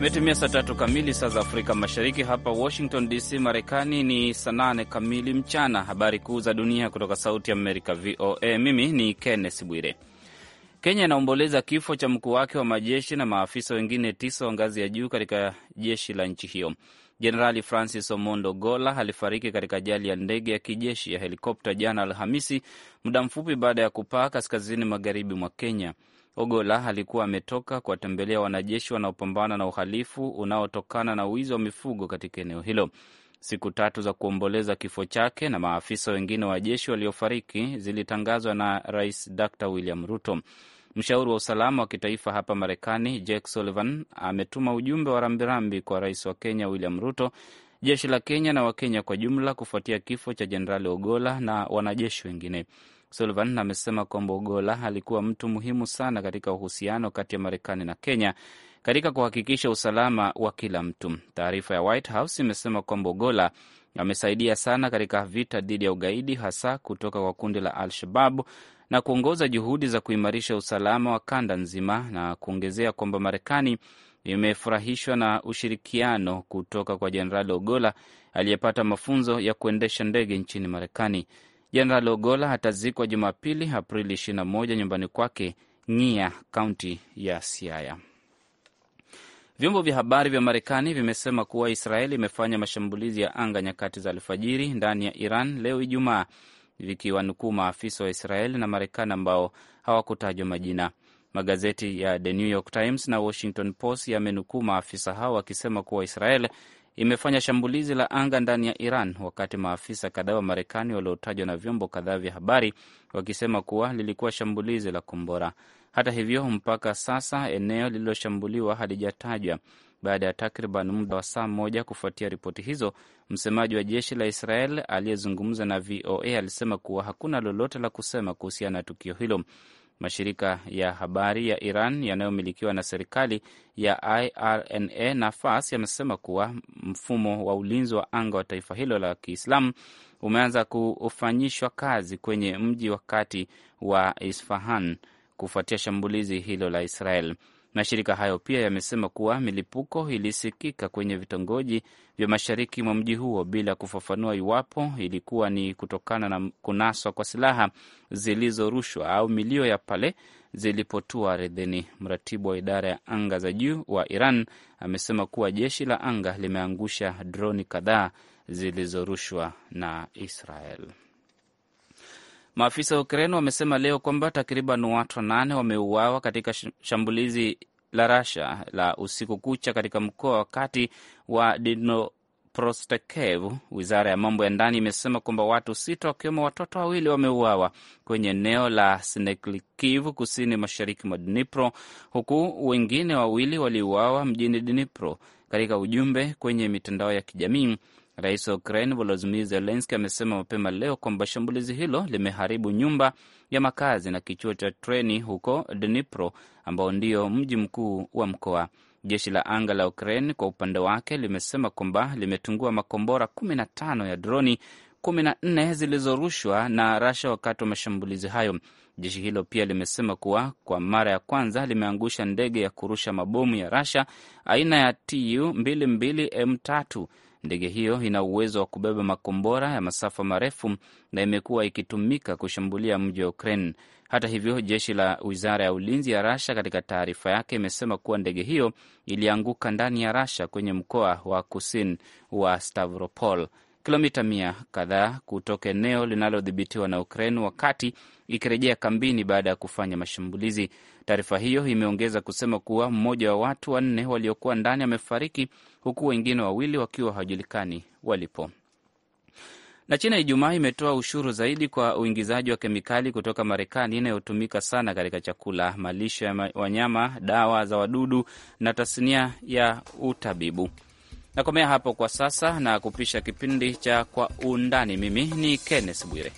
Imetumia saa tatu kamili saa za Afrika Mashariki. Hapa Washington DC, Marekani ni saa nane kamili mchana. Habari kuu za dunia kutoka Sauti ya Amerika, VOA. Mimi ni Kenneth Bwire. Kenya inaomboleza kifo cha mkuu wake wa majeshi na maafisa wengine tisa wa ngazi ya juu katika jeshi la nchi hiyo. Jenerali Francis Omondo Gola alifariki katika ajali ya ndege ya kijeshi ya helikopta jana Alhamisi, muda mfupi baada ya kupaa kaskazini magharibi mwa Kenya. Ogola alikuwa ametoka kuwatembelea wanajeshi wanaopambana na uhalifu unaotokana na wizi wa mifugo katika eneo hilo. Siku tatu za kuomboleza kifo chake na maafisa wengine wa jeshi waliofariki zilitangazwa na Rais Dr William Ruto. Mshauri wa usalama wa kitaifa hapa Marekani, Jake Sullivan, ametuma ujumbe wa rambirambi kwa rais wa Kenya William Ruto, jeshi la Kenya na Wakenya kwa jumla kufuatia kifo cha Jenerali Ogola na wanajeshi wengine. Sullivan amesema kwamba Ogola alikuwa mtu muhimu sana katika uhusiano kati ya Marekani na Kenya katika kuhakikisha usalama wa kila mtu. Taarifa ya White House imesema kwamba Ogola amesaidia sana katika vita dhidi ya ugaidi hasa kutoka kwa kundi la Al-Shababu na kuongoza juhudi za kuimarisha usalama wa kanda nzima, na kuongezea kwamba Marekani imefurahishwa na ushirikiano kutoka kwa Jenerali Ogola aliyepata mafunzo ya kuendesha ndege nchini Marekani. Jenerali Ogola atazikwa Jumapili, Aprili 21 nyumbani kwake Ng'ia, kaunti ya Siaya. Vyombo vya habari vya Marekani vimesema kuwa Israeli imefanya mashambulizi ya anga nyakati za alfajiri ndani ya Iran leo Ijumaa, vikiwanukuu maafisa wa Israeli na Marekani ambao hawakutajwa majina. Magazeti ya The New York Times na Washington Post yamenukuu maafisa hao wakisema kuwa Israeli imefanya shambulizi la anga ndani ya Iran, wakati maafisa kadhaa wa Marekani waliotajwa na vyombo kadhaa vya habari wakisema kuwa lilikuwa shambulizi la kombora. Hata hivyo, mpaka sasa eneo lililoshambuliwa halijatajwa. Baada ya takriban muda wa saa moja kufuatia ripoti hizo, msemaji wa jeshi la Israel aliyezungumza na VOA alisema kuwa hakuna lolote la kusema kuhusiana na tukio hilo. Mashirika ya habari ya Iran yanayomilikiwa na serikali ya IRNA na Fars yamesema kuwa mfumo wa ulinzi wa anga wa taifa hilo la Kiislamu umeanza kufanyishwa kazi kwenye mji wa kati wa Isfahan kufuatia shambulizi hilo la Israel. Mashirika hayo pia yamesema kuwa milipuko ilisikika kwenye vitongoji vya mashariki mwa mji huo bila kufafanua iwapo ilikuwa ni kutokana na kunaswa kwa silaha zilizorushwa au milio ya pale zilipotua ardhini. Mratibu wa idara ya anga za juu wa Iran amesema kuwa jeshi la anga limeangusha droni kadhaa zilizorushwa na Israel. Maafisa wa Ukraine wamesema leo kwamba takriban watu wanane wameuawa katika shambulizi la Rasha la usiku kucha katika mkoa wa kati wa Dnipropetrovsk. Wizara ya mambo ya ndani imesema kwamba watu sita wakiwemo watoto wawili wameuawa kwenye eneo la Sneklikiv kusini mashariki mwa Dnipro, huku wengine wawili waliuawa mjini Dnipro. Katika ujumbe kwenye mitandao ya kijamii Rais wa Ukraine Volodymyr Zelensky amesema mapema leo kwamba shambulizi hilo limeharibu nyumba ya makazi na kichuo cha treni huko Dnipro, ambao ndio mji mkuu wa mkoa. Jeshi la anga la Ukraine kwa upande wake limesema kwamba limetungua makombora 15 ya droni 14 zilizorushwa na Rasha wakati wa mashambulizi hayo. Jeshi hilo pia limesema kuwa kwa mara ya kwanza limeangusha ndege ya kurusha mabomu ya Rasha aina ya tu 22 M3 Ndege hiyo ina uwezo wa kubeba makombora ya masafa marefu na imekuwa ikitumika kushambulia mji wa Ukraine. Hata hivyo, jeshi la wizara ya ulinzi ya Rasha katika taarifa yake imesema kuwa ndege hiyo ilianguka ndani ya Rasha kwenye mkoa wa kusini wa Stavropol kilomita mia kadhaa kutoka eneo linalodhibitiwa na Ukraine wakati ikirejea kambini baada ya kufanya mashambulizi. Taarifa hiyo imeongeza kusema kuwa mmoja wa watu wanne waliokuwa ndani amefariki huku wengine wawili wakiwa hawajulikani walipo. Na China Ijumaa imetoa ushuru zaidi kwa uingizaji wa kemikali kutoka Marekani inayotumika sana katika chakula, malisho ya wanyama, dawa za wadudu na tasnia ya utabibu. Nakomea hapo kwa sasa na kupisha kipindi cha Kwa Undani. Mimi ni Kenneth Bwire.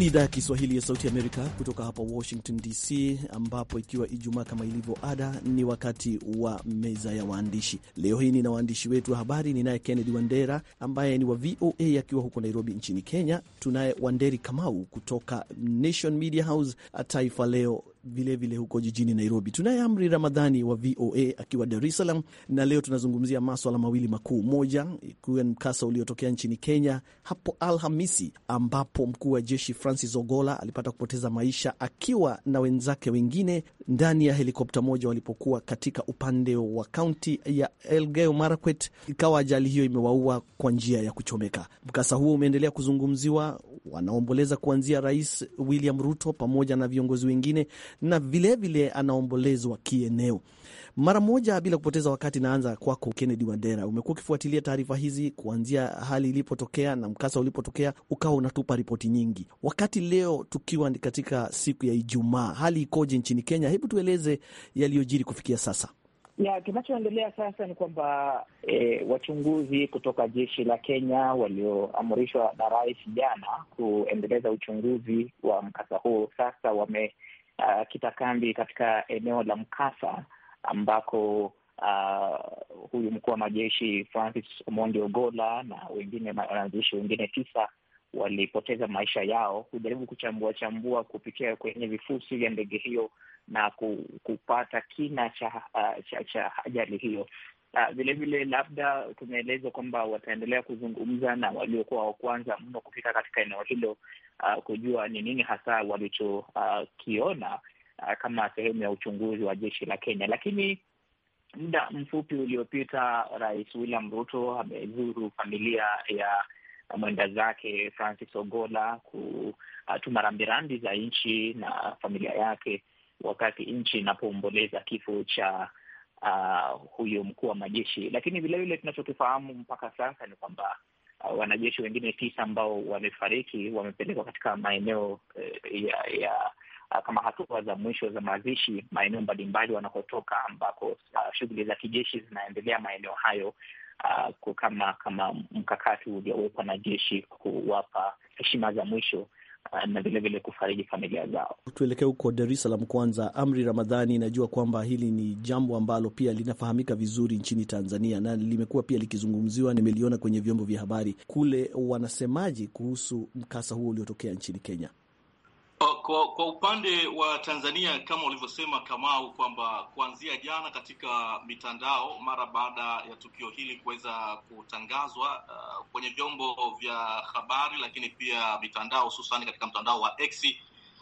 ni idhaa ya Kiswahili ya Sauti Amerika kutoka hapa Washington DC, ambapo ikiwa Ijumaa kama ilivyo ada, ni wakati wa meza ya waandishi. Leo hii nina waandishi wetu wa habari. Ninaye Kennedy Wandera ambaye ni wa VOA akiwa huko Nairobi nchini Kenya. Tunaye Wanderi Kamau kutoka Nation Media House, Taifa Leo vilevile vile huko jijini Nairobi. Tunaye Amri Ramadhani wa VOA akiwa Dar es Salaam, na leo tunazungumzia maswala mawili makuu, moja ikiwa ni mkasa uliotokea nchini Kenya hapo Alhamisi, ambapo mkuu wa jeshi Francis Ogola alipata kupoteza maisha akiwa na wenzake wengine ndani ya helikopta moja walipokuwa katika upande wa kaunti ya Elgeyo Marakwet, ikawa ajali hiyo imewaua kwa njia ya kuchomeka. Mkasa huo umeendelea kuzungumziwa, wanaomboleza kuanzia Rais William Ruto pamoja na viongozi wengine na vilevile anaombolezwa kieneo. Mara moja bila kupoteza wakati, naanza kwako Kennedy Wandera, umekuwa ukifuatilia taarifa hizi kuanzia hali ilipotokea na mkasa ulipotokea, ukawa unatupa ripoti nyingi. Wakati leo tukiwa katika siku ya Ijumaa, hali ikoje nchini Kenya? Hebu tueleze yaliyojiri kufikia sasa. Ya, kinachoendelea sasa ni kwamba e, wachunguzi kutoka jeshi la Kenya walioamrishwa na rais jana kuendeleza uchunguzi wa mkasa huo sasa wame uh, kitakambi katika eneo la Mkasa ambako uh, huyu mkuu wa majeshi Francis omondi Ogola na wengine wanajeshi wengine tisa walipoteza maisha yao, kujaribu kuchambua chambua kupitia kwenye vifusi vya ndege hiyo na kupata kina cha, uh, cha, cha ajali hiyo. Vilevile ah, labda tumeelezwa kwamba wataendelea kuzungumza na waliokuwa wa kwanza mno kufika katika eneo hilo uh, kujua ni nini hasa walichokiona ah, uh, uh, kama sehemu ya uchunguzi wa jeshi la Kenya. Lakini muda mfupi uliopita, Rais William Ruto amezuru familia ya mwenda zake Francis Ogola kutuma rambirambi za nchi na familia yake, wakati nchi inapoomboleza kifo cha uh, huyo mkuu wa majeshi. Lakini vilevile tunachokifahamu mpaka sasa ni kwamba uh, wanajeshi wengine tisa ambao wamefariki wamepelekwa katika maeneo uh, ya, ya uh, kama hatua za mwisho za mazishi maeneo mbalimbali wanakotoka, ambako uh, shughuli za kijeshi zinaendelea maeneo hayo uh, kama kama mkakati uliowekwa na jeshi kuwapa heshima za mwisho Uh, na vilevile kufariji familia zao. Tuelekee huko Dar es Salaam kwanza. Amri Ramadhani, najua kwamba hili ni jambo ambalo pia linafahamika vizuri nchini Tanzania na limekuwa pia likizungumziwa, nimeliona kwenye vyombo vya habari. Kule wanasemaje kuhusu mkasa huo uliotokea nchini Kenya? Kwa, kwa upande wa Tanzania kama ulivyosema Kamau, kwamba kuanzia jana katika mitandao mara baada ya tukio hili kuweza kutangazwa uh, kwenye vyombo vya habari, lakini pia mitandao, hususani katika mtandao wa X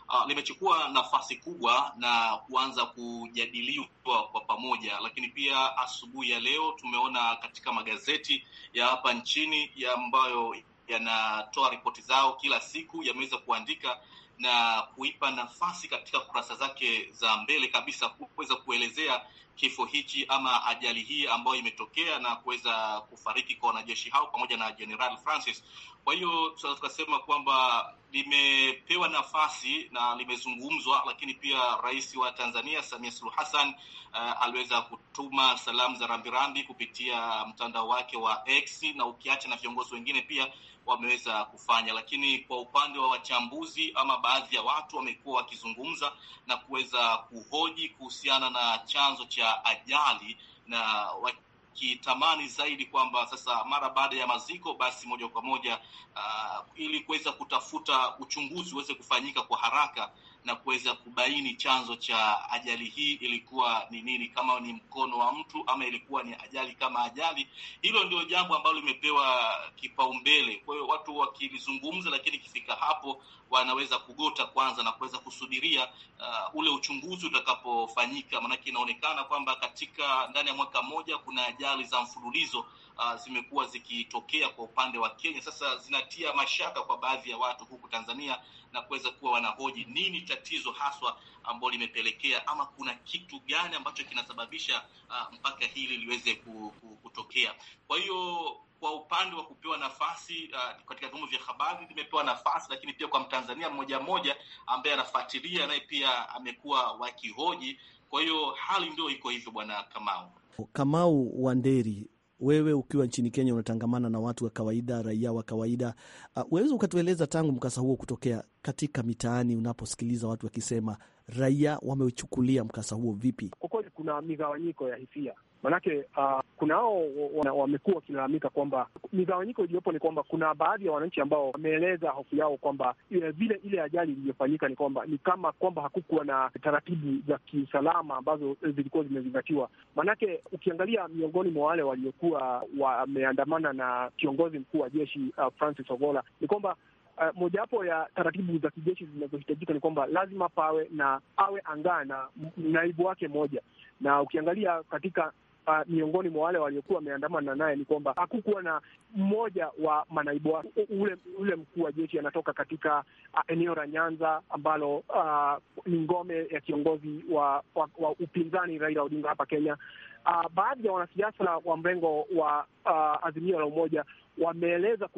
uh, limechukua nafasi kubwa na kuanza kujadiliwa kwa pamoja, lakini pia asubuhi ya leo tumeona katika magazeti ya hapa nchini ya ambayo yanatoa ripoti zao kila siku yameweza kuandika na kuipa nafasi katika kurasa zake za mbele kabisa kuweza kuelezea kifo hichi ama ajali hii ambayo imetokea na kuweza kufariki kwa wanajeshi hao pamoja na General Francis. Kwa hiyo tunaweza tukasema kwamba limepewa nafasi na limezungumzwa, lakini pia Rais wa Tanzania Samia Suluhu Hassan uh, aliweza kutuma salamu za rambirambi kupitia mtandao wake wa X, na ukiacha na viongozi wengine pia wameweza kufanya, lakini kwa upande wa wachambuzi ama baadhi ya watu wamekuwa wakizungumza na kuweza kuhoji kuhusiana na chanzo cha ajali na kitamani zaidi kwamba sasa mara baada ya maziko basi moja kwa moja uh, ili kuweza kutafuta uchunguzi uweze kufanyika kwa haraka na kuweza kubaini chanzo cha ajali hii ilikuwa ni nini, kama ni mkono wa mtu ama ilikuwa ni ajali kama ajali. Hilo ndio jambo ambalo limepewa kipaumbele. Kwa hiyo watu wakilizungumza, lakini ikifika hapo wanaweza kugota kwanza na kuweza kusubiria uh, ule uchunguzi utakapofanyika, maanake inaonekana kwamba katika ndani ya mwaka mmoja kuna ajali za mfululizo uh, zimekuwa zikitokea kwa upande wa Kenya sasa zinatia mashaka kwa baadhi ya watu huku Tanzania na kuweza kuwa wanahoji nini tatizo haswa ambalo limepelekea ama kuna kitu gani ambacho kinasababisha uh, mpaka hili liweze kutokea. Kwa hiyo kwa upande wa kupewa nafasi uh, katika vyombo vya habari vimepewa nafasi, lakini pia kwa Mtanzania mmoja mmoja ambaye anafuatilia naye pia amekuwa wakihoji. Kwa hiyo hali ndio iko hivyo, Bwana Kamau Kamau Wanderi wewe ukiwa nchini Kenya unatangamana na watu wa kawaida, raia wa kawaida, unaweza uh, ukatueleza tangu mkasa huo kutokea, katika mitaani unaposikiliza watu wakisema, raia wamechukulia mkasa huo vipi? Kwa kweli kuna migawanyiko ya hisia, Manake uh, kunao wamekuwa wakilalamika kwamba migawanyiko iliyopo ni kwamba kuna baadhi ya wananchi ambao wameeleza hofu yao kwamba eh, vile ile ajali iliyofanyika ni kwamba ni kama kwamba hakukuwa na taratibu za kiusalama ambazo zilikuwa zimezingatiwa. Maanake ukiangalia miongoni mwa wale waliokuwa wameandamana na kiongozi mkuu wa jeshi uh, Francis Ogola ni kwamba Uh, mojawapo ya taratibu za kijeshi zinazohitajika ni kwamba lazima pawe na awe angaa na naibu wake moja, na ukiangalia katika uh, miongoni mwa wale waliokuwa wameandamana naye ni kwamba hakukuwa na mmoja wa manaibu wake. Ule, ule mkuu wa jeshi anatoka katika uh, eneo la Nyanza ambalo uh, ni ngome ya kiongozi wa, wa, wa upinzani Raila Odinga hapa Kenya. Uh, baadhi ya wanasiasa wa mrengo wa uh, Azimio la Umoja wameeleza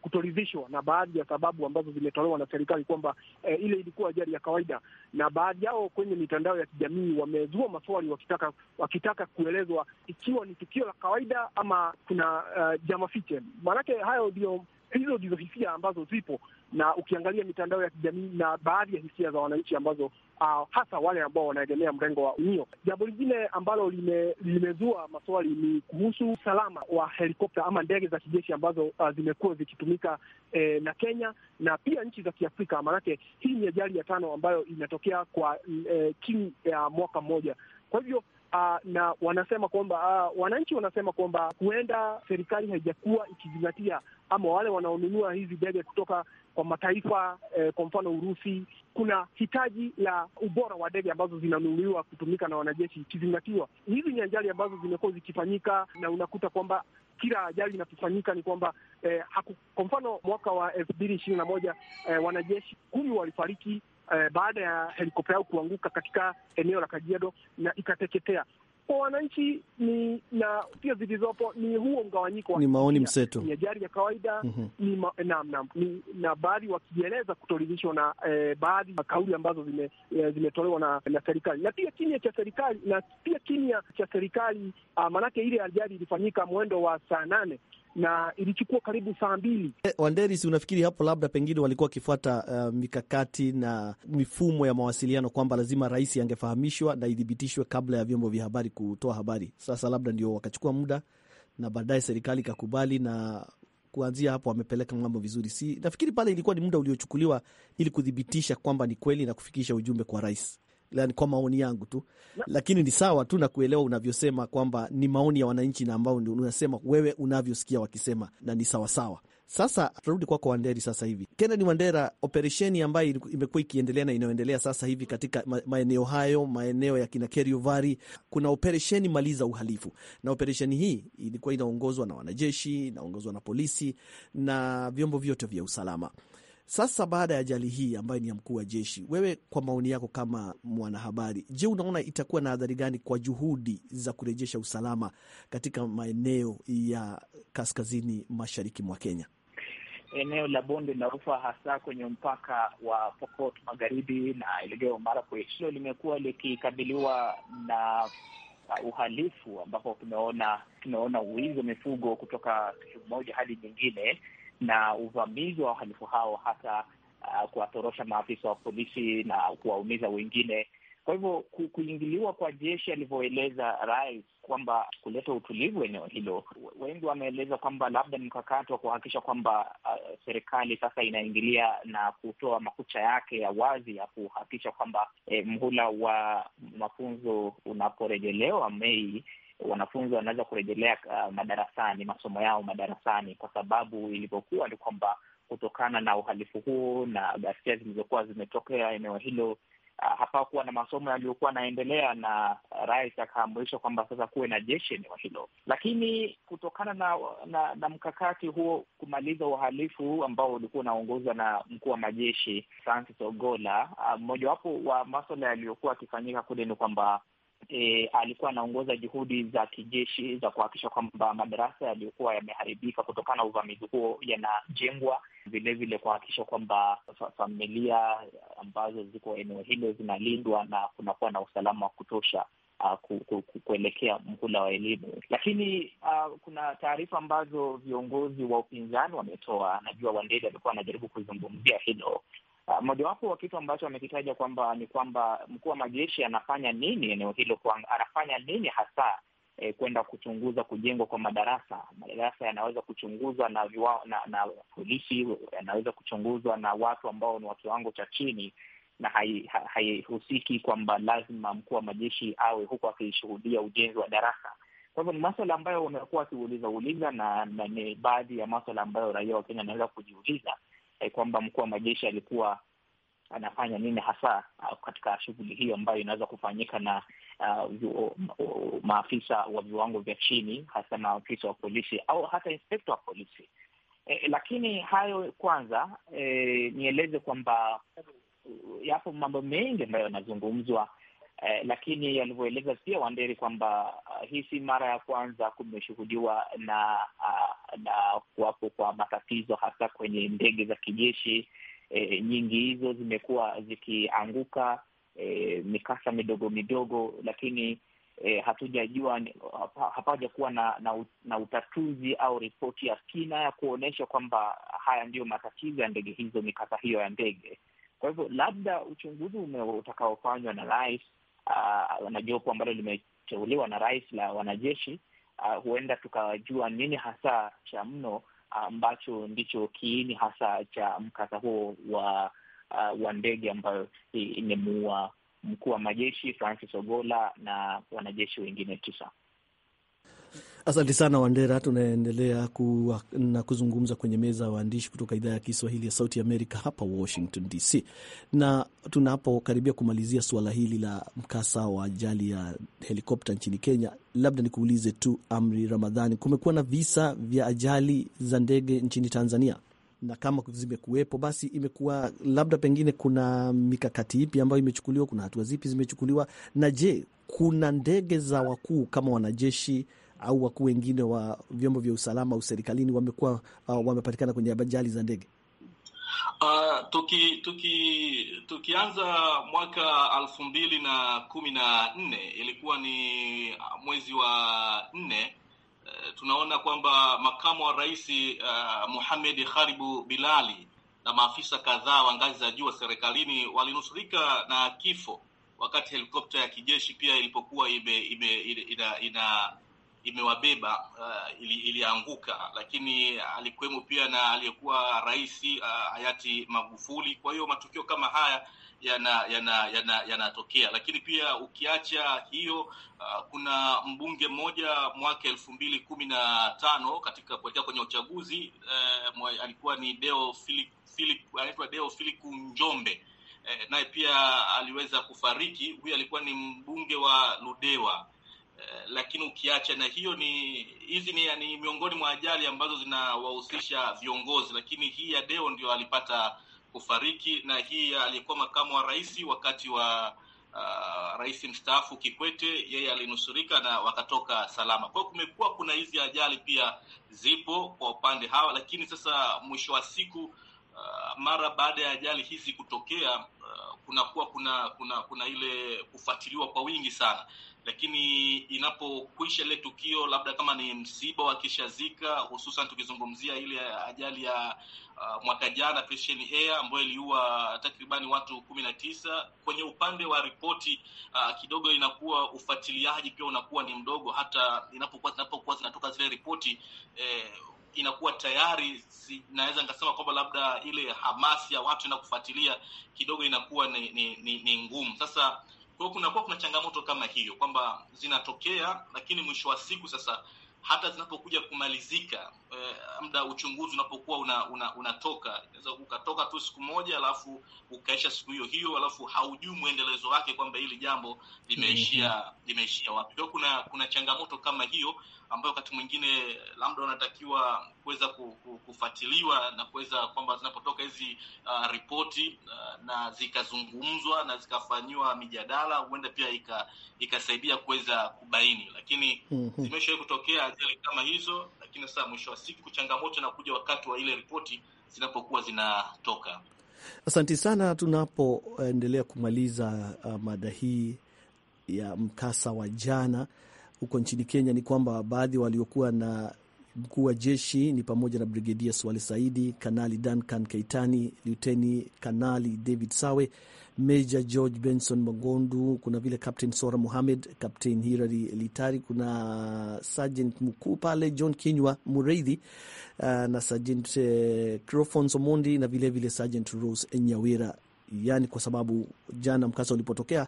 kutoridhishwa na baadhi ya sababu ambazo zimetolewa na serikali kwamba e, ile ilikuwa ajali ya kawaida, na baadhi yao kwenye mitandao ya kijamii wamezua maswali wakitaka wakitaka kuelezwa ikiwa ni tukio la kawaida ama kuna uh, eh, jamafiche. Maanake hayo ndiyo hizo ndizo hisia ambazo zipo, na ukiangalia mitandao ya kijamii na baadhi ya hisia za wananchi ambazo uh, hasa wale ambao wanaegemea mrengo wa unio. Jambo lingine ambalo lime, limezua maswali ni kuhusu usalama wa helikopta ama ndege za kijeshi ambazo uh, zimekuwa zikitumika eh, na Kenya na pia nchi za Kiafrika. Maanake hii ni ajali ya tano ambayo inatokea kwa eh, chini ya ah, mwaka mmoja, kwa hivyo Uh, na wanasema kwamba uh, wananchi wanasema kwamba huenda serikali haijakuwa ikizingatia ama wale wanaonunua hizi ndege kutoka kwa mataifa eh, kwa mfano Urusi, kuna hitaji la ubora wa ndege ambazo zinanunuliwa kutumika na wanajeshi ikizingatiwa hizi ni ajali ambazo zimekuwa zikifanyika, na unakuta kwamba kila ajali inapofanyika ni kwamba eh, kwa mfano mwaka wa elfu mbili ishirini na moja eh, wanajeshi kumi walifariki eh, baada ya helikopta yao kuanguka katika eneo la Kajiado na ikateketea. Kwa wananchi ni na pia zilizopo ni huo mgawanyiko, ni maoni mseto ni jari ya kawaida mm -hmm. ni naam ni, na baadhi wakijieleza kutoridhishwa na eh, baadhi ya kauli ambazo zime, eh, zimetolewa na, na serikali na pia kimya cha serikali na pia kimya cha serikali ah, maanake ile ajali ilifanyika mwendo wa saa nane na ilichukua karibu saa mbili. Eh, Wanderi, si unafikiri hapo labda pengine walikuwa wakifuata uh, mikakati na mifumo ya mawasiliano kwamba lazima rais angefahamishwa na ithibitishwe kabla ya vyombo vya habari kutoa habari. Sasa labda ndio wakachukua muda na baadaye serikali ikakubali na kuanzia hapo wamepeleka mambo vizuri. Si nafikiri pale ilikuwa ni muda uliochukuliwa ili kuthibitisha kwamba ni kweli na kufikisha ujumbe kwa rais yani kwa maoni yangu tu na, lakini ni sawa tu na kuelewa unavyosema kwamba ni maoni ya wananchi na ambao unasema wewe unavyosikia wakisema na ni sawasawa. Sasa turudi kwako Wanderi. Sasa hivi Kennedy Wandera, operesheni ambayo imekuwa ikiendelea na inayoendelea sasa hivi katika maeneo hayo, maeneo ya kina Keriovari, kuna operesheni Maliza Uhalifu, na operesheni hii ilikuwa inaongozwa na wanajeshi, inaongozwa na polisi na vyombo vyote vya usalama. Sasa baada ya ajali hii ambayo ni ya mkuu wa jeshi, wewe kwa maoni yako kama mwanahabari, je, unaona itakuwa na adhari gani kwa juhudi za kurejesha usalama katika maeneo ya kaskazini mashariki mwa Kenya, eneo la bonde la Ufa, hasa kwenye mpaka wa Pokot magharibi na Elgeyo Marakwet? Hilo limekuwa likikabiliwa na uh, uhalifu ambapo tumeona tumeona uwizi wa mifugo kutoka sehemu moja hadi nyingine na uvamizi wa wahalifu hao, hasa uh, kuwatorosha maafisa wa polisi na kuwaumiza wengine. Kwa hivyo kuingiliwa kwa jeshi, alivyoeleza rais kwamba kuleta utulivu eneo hilo, wengi wameeleza kwamba labda ni mkakati wa kuhakikisha kwamba uh, serikali sasa inaingilia na kutoa makucha yake ya wazi ya kuhakikisha kwamba eh, mhula wa mafunzo unaporejelewa Mei wanafunzi wanaweza kurejelea uh, madarasani masomo yao madarasani, kwa sababu ilivyokuwa ni kwamba kutokana na uhalifu huu na ghasia zilizokuwa zimetokea eneo hilo Uh, hapakuwa na masomo yaliyokuwa anaendelea na rais akaamrisha kwamba sasa kuwe na jeshi eneo hilo. Lakini kutokana na, na na mkakati huo kumaliza uhalifu ambao ulikuwa unaongozwa na mkuu wa majeshi Francis Ogola, uh, mmojawapo uh, wa maswala yaliyokuwa akifanyika kule ni kwamba e, alikuwa anaongoza juhudi za kijeshi za kuhakikisha kwamba madarasa yaliyokuwa yameharibika kutokana na uvamizi huo yanajengwa, vilevile kuhakikisha kwamba familia ambazo ziko eneo hilo zinalindwa na kunakuwa na usalama wa kutosha. Uh, kuelekea mhula wa elimu, lakini uh, kuna taarifa ambazo viongozi wa upinzani wametoa. Najua Wandeli alikuwa anajaribu kuzungumzia hilo Ah, mojawapo wa kitu ambacho amekitaja kwamba ni kwamba mkuu wa majeshi anafanya nini eneo hilo, anafanya nini hasa eh, kwenda kuchunguza kujengwa kwa madarasa. Madarasa yanaweza kuchunguzwa na na, na polisi, yanaweza kuchunguzwa na watu ambao ni wa kiwango cha chini, na haihusiki hai kwamba lazima mkuu wa majeshi awe huku akishuhudia ujenzi wa darasa. Kwa hivyo ni maswala ambayo umekuwa akiuliza uliza na, na ni baadhi ya maswala ambayo raia wa Kenya anaweza kujiuliza eh, kwamba mkuu wa majeshi alikuwa anafanya nini hasa uh, katika shughuli hiyo ambayo inaweza kufanyika na uh, maafisa wa viwango vya chini, hasa maafisa wa polisi au hata inspekta wa polisi eh, lakini hayo kwanza, eh, nieleze kwamba uh, yapo mambo mengi ambayo yanazungumzwa eh, lakini alivyoeleza pia Wanderi kwamba uh, hii si mara ya kwanza kumeshuhudiwa na uh, na kuwapo kwa matatizo hasa kwenye ndege za kijeshi eh, nyingi hizo zimekuwa zikianguka eh, mikasa midogo midogo, lakini eh, hatujajua hapaja kuwa na, na, na utatuzi au ripoti ya kina ya kuonyesha kwamba haya ndiyo matatizo ya ndege hizo, mikasa hiyo ya ndege. Kwa hivyo labda uchunguzi utakaofanywa na rais uh, na jopo ambalo limeteuliwa na rais la wanajeshi uh, huenda tukajua nini hasa cha mno ambacho ndicho kiini hasa cha mkasa huo wa uh, wa ndege ambayo imemuua mkuu wa majeshi Francis Ogola na wanajeshi wengine tisa. Asante sana Wandera. Tunaendelea na kuzungumza kwenye meza ya waandishi kutoka idhaa ya Kiswahili ya Sauti Amerika hapa Washington DC, na tunapokaribia kumalizia suala hili la mkasa wa ajali ya helikopta nchini Kenya, labda nikuulize tu Amri Ramadhani, kumekuwa na visa vya ajali za ndege nchini Tanzania? na kama zimekuwepo basi, imekuwa labda pengine kuna mikakati ipi ambayo imechukuliwa? Kuna hatua zipi zimechukuliwa? Na je, kuna ndege za wakuu kama wanajeshi au wakuu wengine wa vyombo vya usalama au serikalini wamekuwa uh, wamepatikana kwenye ajali za ndege? Uh, tuki, tuki, tukianza mwaka elfu mbili na kumi na nne ilikuwa ni mwezi wa nne. Uh, tunaona kwamba makamu wa rais uh, Muhamed Kharibu Bilali na maafisa kadhaa wa ngazi za juu wa serikalini walinusurika na kifo wakati helikopta ya kijeshi pia ilipokuwa ime, ime, ina, ina, imewabeba uh, ili, ilianguka, lakini alikuwemo pia na aliyekuwa rais uh, hayati Magufuli. Kwa hiyo matukio kama haya yanatokea yana, yana, yana, lakini pia ukiacha hiyo uh, kuna mbunge mmoja mwaka elfu mbili kumi na tano katika kuelekea kwenye uchaguzi uh, alikuwa ni Deo Philip, Philip, anaitwa Deo Filiku Njombe. uh, naye pia aliweza kufariki. Huyu alikuwa ni mbunge wa Ludewa Eh, lakini ukiacha na hiyo, ni hizi ni, ni miongoni mwa ajali ambazo zinawahusisha viongozi, lakini hii ya Deo ndio alipata kufariki, na hii aliyekuwa makamu wa rais wakati wa uh, rais mstaafu Kikwete, yeye alinusurika na wakatoka salama. Kwa hiyo kumekuwa kuna hizi ajali pia zipo kwa upande hawa, lakini sasa mwisho wa siku Uh, mara baada ya ajali hizi kutokea uh, kunakuwa kuna kuna kuna ile kufuatiliwa kwa wingi sana, lakini inapokwisha ile tukio, labda kama ni msiba wakishazika, hususan tukizungumzia ile ajali ya uh, mwaka jana Precision Air ambayo iliua takribani watu kumi na tisa. Kwenye upande wa ripoti uh, kidogo inakuwa ufuatiliaji pia unakuwa ni mdogo, hata inapokuwa zinapokuwa zinatoka zile ripoti eh, inakuwa tayari si, naweza nikasema kwamba labda ile hamasi ya watu na kufuatilia kidogo inakuwa ni, ni, ni, ni ngumu sasa kwa hiyo kunakuwa kuna changamoto kama hiyo kwamba zinatokea, lakini mwisho wa siku sasa hata zinapokuja kumalizika eh, muda uchunguzi unapokuwa una, una, unatoka ukatoka tu siku moja alafu ukaisha siku hiyo hiyo alafu haujui mwendelezo wake kwamba hili jambo limeishia mm -hmm. limeishia wapi. Kwa kuna kuna changamoto kama hiyo ambayo wakati mwingine labda wanatakiwa kuweza kufuatiliwa na kuweza kwamba zinapotoka hizi uh, ripoti uh, na zikazungumzwa na zikafanyiwa mijadala, huenda pia ikasaidia ika kuweza kubaini, lakini mm -hmm. zimeshawahi kutokea ajali kama hizo, lakini sasa mwisho wa siku changamoto inakuja wakati wa ile ripoti zinapokuwa zinatoka. Asanti sana. Tunapoendelea kumaliza uh, mada hii ya mkasa wa jana huko nchini Kenya ni kwamba baadhi waliokuwa na mkuu wa jeshi ni pamoja na Brigedia Swale Saidi, Kanali Duncan Keitani, Luteni Kanali David Sawe, Meja George Benson Magondu, kuna vile Captain Sora Muhamed, Captain Hirari Litari, kuna Sergeant mkuu pale John Kinywa Mureithi uh, na Sergeant eh, Crofons Omondi na vilevile Sergeant Rose Nyawira yani kwa sababu jana mkasa ulipotokea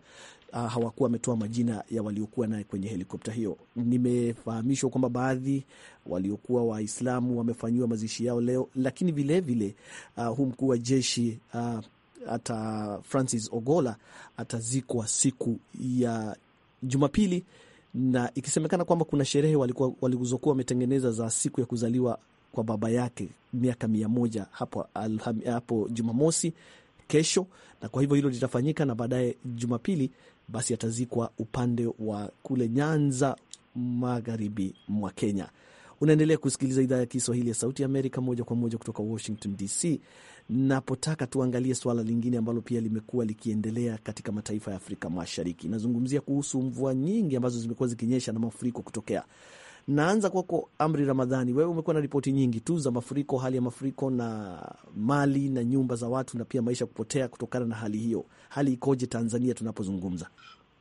uh, hawakuwa wametoa majina ya waliokuwa naye kwenye helikopta hiyo. Nimefahamishwa kwamba baadhi waliokuwa Waislamu wamefanyiwa mazishi yao leo, lakini vilevile vile, uh, huu mkuu wa jeshi uh, ata Francis Ogola atazikwa siku ya Jumapili na ikisemekana kwamba kuna sherehe walizokuwa wametengeneza za siku ya kuzaliwa kwa baba yake miaka mia moja hapo, hapo Jumamosi kesho, na kwa hivyo hilo litafanyika, na baadaye Jumapili basi atazikwa upande wa kule Nyanza, magharibi mwa Kenya. Unaendelea kusikiliza idhaa ya Kiswahili ya Sauti ya Amerika moja kwa moja kutoka Washington DC. Napotaka tuangalie suala lingine ambalo pia limekuwa likiendelea katika mataifa ya Afrika Mashariki. Nazungumzia kuhusu mvua nyingi ambazo zimekuwa zikinyesha na mafuriko kutokea. Naanza kwako Amri Ramadhani, wewe umekuwa na ripoti nyingi tu za mafuriko, hali ya mafuriko na mali na nyumba za watu na pia maisha kupotea kutokana na hali hiyo. Hali ikoje Tanzania tunapozungumza?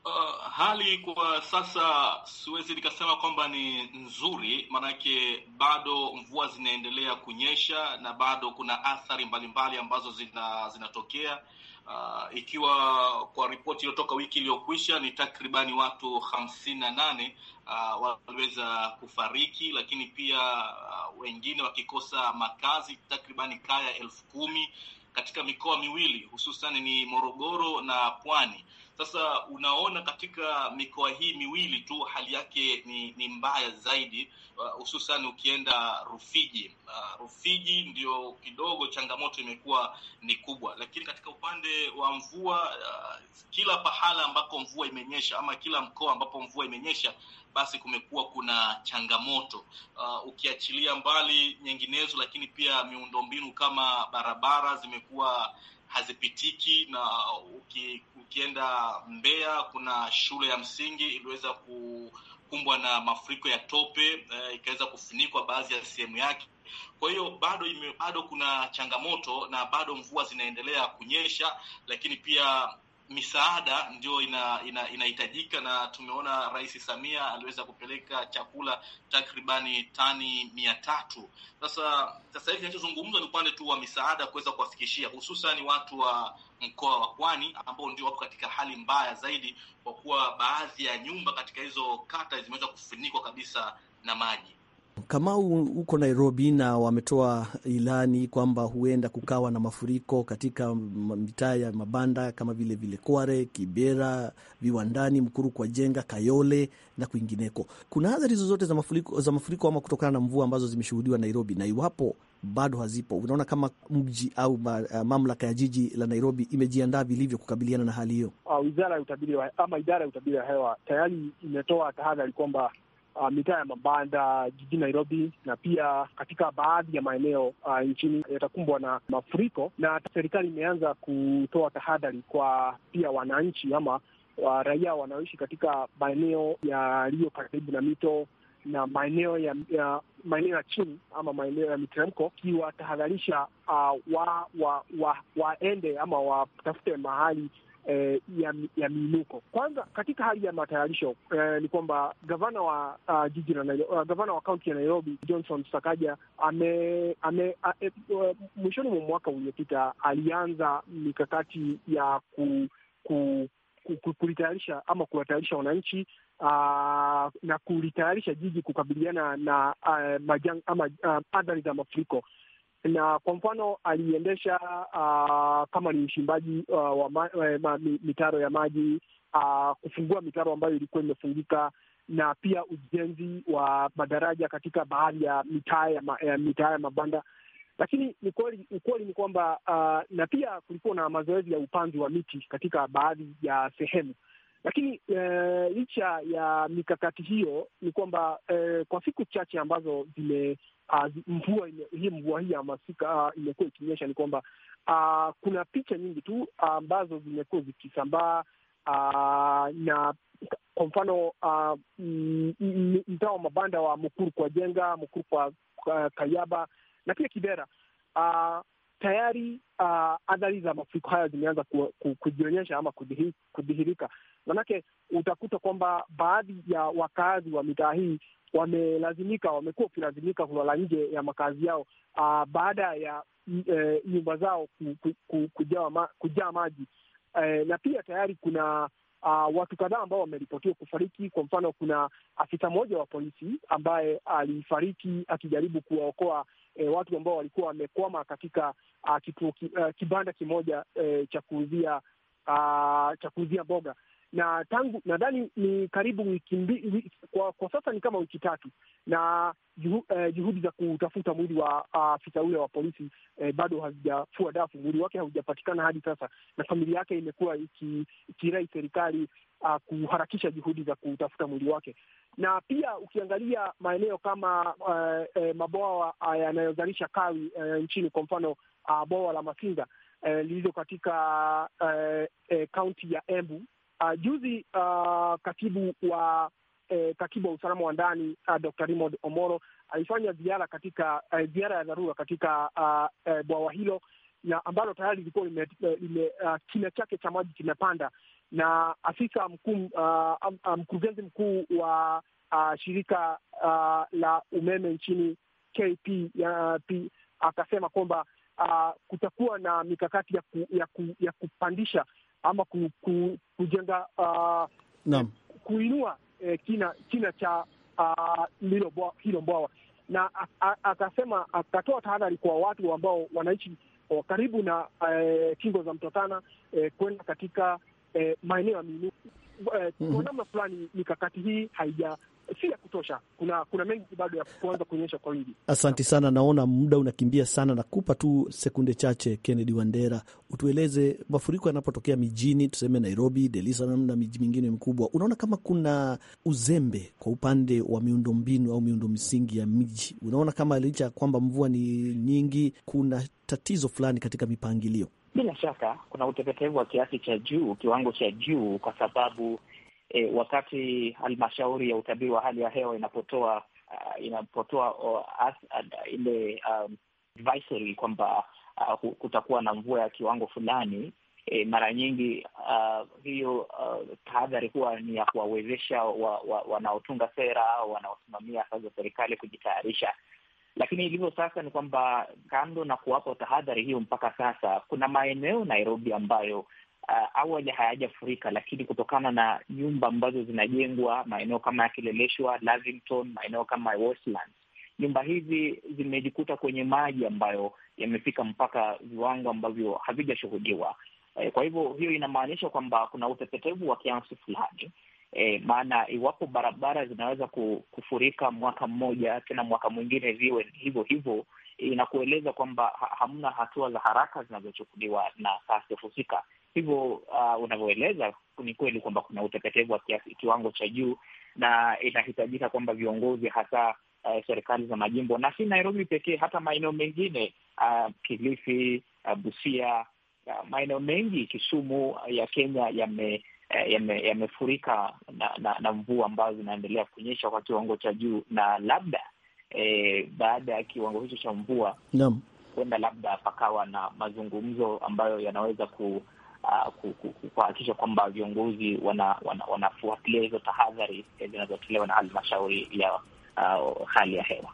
Uh, hali kwa sasa siwezi nikasema kwamba ni nzuri, maanake bado mvua zinaendelea kunyesha na bado kuna athari mbalimbali ambazo zina, zinatokea uh, ikiwa kwa ripoti iliyotoka wiki iliyokwisha ni takribani watu hamsini na nane uh, waliweza kufariki, lakini pia uh, wengine wakikosa makazi takribani kaya elfu kumi katika mikoa miwili hususan ni Morogoro na Pwani. Sasa unaona katika mikoa hii miwili tu hali yake ni, ni mbaya zaidi, uh, hususan uh, ukienda Rufiji. Uh, Rufiji ndio kidogo changamoto imekuwa ni kubwa, lakini katika upande wa mvua uh, kila pahala ambako mvua imenyesha ama kila mkoa ambapo mvua imenyesha basi kumekuwa kuna changamoto uh, ukiachilia mbali nyinginezo, lakini pia miundombinu kama barabara zimekuwa hazipitiki, na uki, ukienda Mbeya kuna shule ya msingi iliweza kukumbwa na mafuriko ya tope eh, ikaweza kufunikwa baadhi ya sehemu yake. Kwa hiyo bado ime, bado kuna changamoto na bado mvua zinaendelea kunyesha, lakini pia misaada ndio inahitajika ina, ina na tumeona Rais Samia aliweza kupeleka chakula takribani tani mia tatu. Sasa sasa hivi kinachozungumzwa ni upande tu wa misaada kuweza kuwafikishia hususan watu wa mkoa wa Pwani ambao ndio wapo katika hali mbaya zaidi, kwa kuwa baadhi ya nyumba katika hizo kata zimeweza kufunikwa kabisa na maji. Kamau huko Nairobi na wametoa ilani kwamba huenda kukawa na mafuriko katika mitaa ya mabanda kama vile vile Kware, Kibera, Viwandani, Mkuru kwa Jenga, Kayole na kwingineko. Kuna athari zozote za mafuriko, za mafuriko ama kutokana na mvua ambazo zimeshuhudiwa Nairobi, na iwapo bado hazipo, unaona kama mji au mamlaka ya jiji la Nairobi imejiandaa vilivyo kukabiliana na hali hiyo? Ah, wizara ya utabiri ama idara ya utabiri wa hewa tayari imetoa tahadhari kwamba uh, mitaa ya mabanda jijini Nairobi na pia katika baadhi ya maeneo uh, nchini yatakumbwa na mafuriko, na serikali imeanza kutoa tahadhari kwa pia wananchi ama wa uh, raia wanaoishi katika maeneo yaliyo karibu na mito na maeneo ya, ya maeneo ya chini ama maeneo ya miteremko, ikiwatahadharisha uh, wa, wa, wa, waende ama watafute mahali eh, ya, ya miinuko. Kwanza katika hali ya matayarisho eh, ni kwamba gavana wa uh, jiji la uh, gavana wa kaunti ya Nairobi Johnson Sakaja ame, ame uh, mwishoni mwa mwaka uliopita alianza mikakati ya ku, ku, ku, kulitayarisha ama kuwatayarisha wananchi Uh, na kulitayarisha jiji kukabiliana na uh, majanga ama uh, adhari za mafuriko na kwa mfano aliendesha uh, kama ni mchimbaji uh, ah, wa ma, eh, ma, mitaro ya maji uh, kufungua mitaro ambayo ilikuwa imefungika na pia ujenzi wa madaraja katika baadhi ya mitaa ya, ma, ya mitaa ya mabanda. Lakini ukweli ni kwamba uh, na pia kulikuwa na mazoezi ya upanzi wa miti katika baadhi ya sehemu lakini eh, licha uh, ya mikakati hiyo ni kwamba uh, kwa siku chache ambazo zime Ah, mvua hii mvua hii ya masika uh, imekuwa ikinyesha ni kwamba uh, kuna picha nyingi tu ambazo uh, zimekuwa zikisambaa uh, na kwa mfano uh, mtaa wa mabanda wa Mukuru kwa Jenga, Mukuru kwa uh, Kayaba na pia Kibera uh, tayari uh, adhari za mafuriko haya zimeanza kujionyesha ama kudhihirika. manake utakuta kwamba baadhi ya wakaazi wa mitaa hii wamelazimika, wamekuwa wakilazimika kulala nje ya makazi yao uh, baada ya e, nyumba zao ku, ku, ku, kujaa ma, kuja maji uh, na pia tayari kuna Uh, watu kadhaa ambao wameripotiwa kufariki. Kwa mfano, kuna afisa mmoja wa polisi ambaye alifariki akijaribu kuwaokoa eh, watu ambao walikuwa wamekwama katika uh, ah, kitu, ki, uh, kibanda kimoja eh, cha kuuzia uh, cha kuuzia mboga na tangu nadhani ni karibu wiki mbili kwa, kwa sasa ni kama wiki tatu, na juhu, eh, juhudi za kutafuta mwili wa ah, afisa uh, ule wa polisi eh, bado hazijafua dafu. Mwili wake haujapatikana hadi sasa, na familia yake imekuwa ikirai serikali uh, kuharakisha juhudi za kutafuta mwili wake. Na pia ukiangalia maeneo kama uh, eh, mabwawa uh, yanayozalisha kawi uh, nchini, kwa mfano uh, bwawa la Masinga eh, lilizo uh, katika kaunti eh, uh, ya Embu Uh, juzi uh, katibu wa eh, katibu wa usalama wa ndani uh, ah, Dr. Raymond Omoro alifanya ziara katika uh, ziara ya dharura katika uh, uh, bwawa hilo na ambalo tayari lilikuwa lime, eh, lime uh, kina chake cha maji kimepanda, na afisa mkuu uh, mkurugenzi mkuu wa uh, shirika uh, la umeme nchini KPP akasema kwamba uh, kutakuwa na mikakati ya, ku, ya, ku, ya kupandisha ama ku, ku, kujenga uh, naam, kuinua eh, kina kina cha uh, hilo bwawa na akasema akatoa tahadhari kwa watu ambao wanaishi oh, karibu na eh, kingo za mto Tana eh, kwenda katika eh, maeneo ya miinuko eh, mm -hmm. Kwa mhm. namna fulani mikakati hii haija si ya kutosha. Kuna kuna mengi bado ya kuanza kuonyesha kwa wingi. Asante sana, naona muda unakimbia sana. Nakupa tu sekunde chache, Kennedy Wandera, utueleze mafuriko yanapotokea mijini, tuseme Nairobi, Dar es Salaam na miji mingine mikubwa, unaona kama kuna uzembe kwa upande wa miundo mbinu au miundo misingi ya miji? Unaona kama licha ya kwamba mvua ni nyingi, kuna tatizo fulani katika mipangilio? Bila shaka kuna utepetevu wa kiasi cha juu, kiwango cha juu, kwa sababu e, wakati halmashauri ya utabiri wa hali ya hewa inapotoa uh, inapotoa uh, uh, ile uh, um, advisory kwamba uh, kutakuwa na mvua ya kiwango fulani e, mara nyingi uh, hiyo uh, tahadhari huwa ni ya kuwawezesha wa, wa, wanaotunga sera wanaosimamia kazi za serikali kujitayarisha lakini ilivyo sasa ni kwamba kando na kuwapa tahadhari hiyo, mpaka sasa kuna maeneo Nairobi ambayo uh, awali hayajafurika, lakini kutokana na nyumba ambazo zinajengwa maeneo kama ya Kileleshwa, Lavington, maeneo kama Westlands, nyumba hizi zimejikuta kwenye maji ambayo yamefika mpaka viwango ambavyo havijashuhudiwa. E, kwa hivyo hiyo inamaanisha kwamba kuna utepetevu wa kiasi fulani. E, maana iwapo barabara zinaweza kufurika mwaka mmoja tena mwaka mwingine viwe hivyo hivyo, inakueleza kwamba hamna hatua za haraka zinazochukuliwa na taasisi husika hivyo uh, unavyoeleza ni kweli kwamba kuna utepetevu wa kiasi kiwango cha juu, na inahitajika kwamba viongozi hasa uh, serikali za majimbo na si Nairobi pekee, hata maeneo mengine uh, Kilifi, uh, Busia, uh, maeneo mengi Kisumu uh, ya Kenya yame uh, yamefurika yame na, na, na mvua ambazo zinaendelea kunyesha kwa kiwango cha juu, na labda e, baada ya kiwango hicho cha mvua huenda labda pakawa na mazungumzo ambayo yanaweza ku Uh, kuhakikisha kwamba viongozi wanafuatilia wana, wana hizo tahadhari eh, zinazotolewa na halmashauri ya uh, hali ya hewa.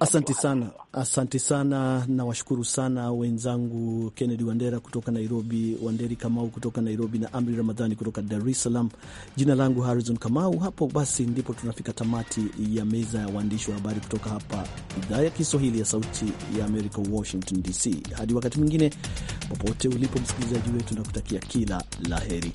Asante sana, asante sana, na washukuru sana wenzangu Kennedy Wandera kutoka Nairobi, Wanderi Kamau kutoka Nairobi na Amri Ramadhani kutoka Dar es Salaam. Jina langu Harrison Kamau. Hapo basi ndipo tunafika tamati ya meza ya waandishi wa habari kutoka hapa idhaa ya Kiswahili ya Sauti ya Amerika, Washington DC. Hadi wakati mwingine, popote ulipo msikilizaji wetu, na kutakia kila la heri.